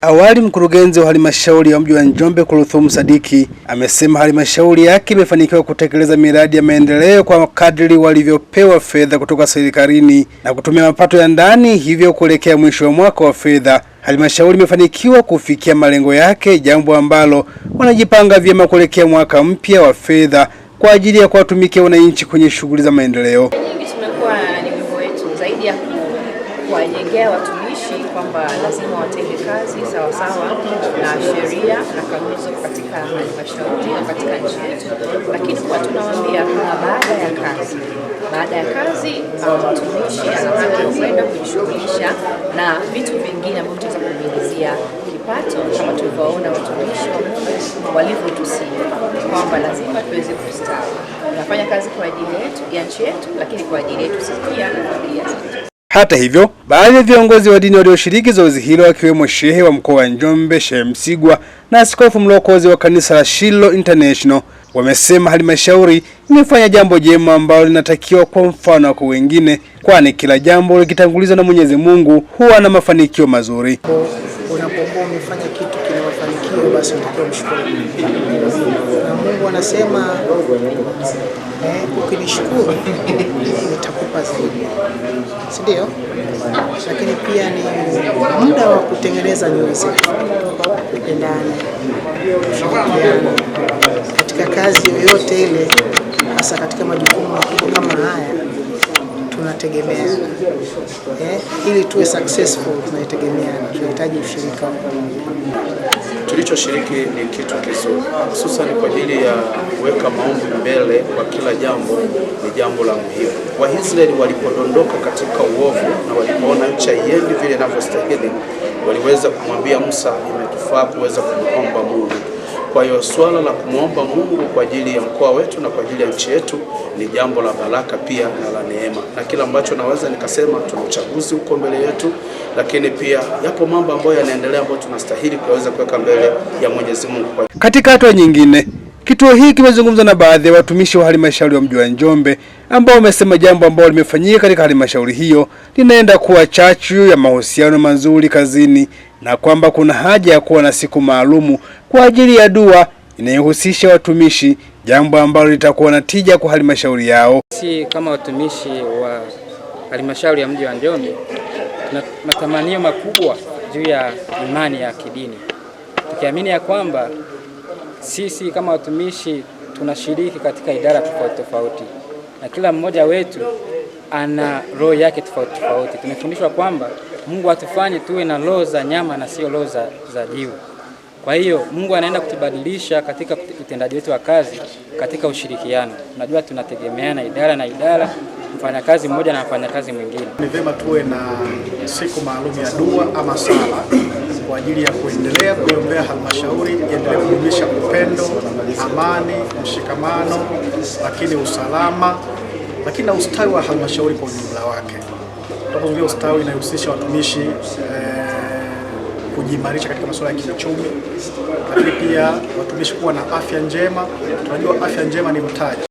Awali mkurugenzi wa halmashauri ya mji wa Njombe Kulthum Sadiki amesema halmashauri yake imefanikiwa kutekeleza miradi ya maendeleo kwa kadri walivyopewa fedha kutoka serikalini na kutumia mapato ya ndani, hivyo kuelekea mwisho wa mwaka wa fedha halmashauri imefanikiwa kufikia malengo yake, jambo ambalo wanajipanga vyema kuelekea mwaka mpya wa fedha kwa ajili ya kuwatumikia wananchi kwenye shughuli za maendeleo kuwajengea watumishi kwamba lazima watende kazi sawasawa na sheria na kanuni katika halmashauri na katika nchi yetu, lakini kuwa tunawaambia kuna baada ya kazi baada ya kazi ah, mtumishi anatakiwa kwenda kujishughulisha na vitu vingine ambavyo tunaweza kumuingizia kipato, kama tulivyoona watumishi walivyotusia kwamba lazima tuweze kustawi. Tunafanya kazi kwa ajili yetu ya nchi yetu, lakini kwa ajili yetu sisi pia na familia zetu. Hata hivyo, baadhi ya viongozi wa dini walioshiriki zoezi hilo wakiwemo shehe wa mkoa wa Njombe, Shehe Msigwa na askofu mlokozi wa kanisa la shilo International wamesema halmashauri imefanya jambo jema ambalo linatakiwa kwa mfano kwa wengine, kwani kila jambo likitangulizwa na Mwenyezi Mungu huwa na mafanikio mazuri unapokuwa umefanya kitu kina basi utakuwa mshukuru. Na Mungu anasema eh, ukinishukuru nitakupa zaidi, si ndio? Lakini pia ni muda wa kutengeneza nyoyo zetu, kupendana, kushirikiana katika kazi yoyote ile, hasa katika majukumu makubwa kama haya tunategemea eh, ili tuwe successful tunaitegemeana, tunahitaji ushirika. Tulichoshiriki ni kitu kizuri, hususan kwa ajili ya kuweka maombi mbele kwa kila jambo. Ni jambo la muhimu. Waisraeli walipodondoka katika uovu na walipoona nchi haiendi vile inavyostahili, waliweza kumwambia Musa, imetufaa kuweza kumwomba Mungu. Kwa hiyo swala la kumwomba Mungu kwa ajili ya mkoa wetu na kwa ajili ya nchi yetu ni jambo la baraka pia na la neema, na kila ambacho naweza nikasema, tuna uchaguzi huko mbele yetu, lakini pia yapo mambo ambayo yanaendelea ambayo tunastahili kuweza kuweka mbele ya Mwenyezi Mungu. Katika hatua nyingine Kituo hiki kimezungumza na baadhi ya watumishi wa halmashauri wa mji wa Njombe ambao wamesema jambo ambalo limefanyika katika halmashauri hiyo linaenda kuwa chachu ya mahusiano mazuri kazini na kwamba kuna haja ya kuwa na siku maalumu kwa ajili ya dua inayohusisha watumishi, jambo ambalo litakuwa na tija kwa halmashauri yao. Si kama watumishi wa halmashauri ya mji wa Njombe tuna matamanio makubwa juu ya imani ya kidini, tukiamini ya kwamba sisi kama watumishi tunashiriki katika idara tofauti tofauti, na kila mmoja wetu ana roho yake tofauti tofauti. Tumefundishwa kwamba Mungu atufanye tuwe na roho za nyama na sio roho za, za jiwe. Kwa hiyo Mungu anaenda kutubadilisha katika utendaji wetu wa kazi, katika ushirikiano. Unajua, tunategemeana idara na idara, mfanyakazi mmoja na mfanyakazi mwingine. Ni vema tuwe na siku maalum ya dua ama sala kwa ajili ya kuendelea kuiombea halmashauri iendelee kudumisha upendo, amani, mshikamano, lakini usalama, lakini na ustawi wa halmashauri kwa ujumla wake. Tunapozungumzia ustawi, inahusisha watumishi eh, kujiimarisha katika masuala ya kiuchumi, lakini pia watumishi kuwa na afya njema. Tunajua afya njema ni mtaji.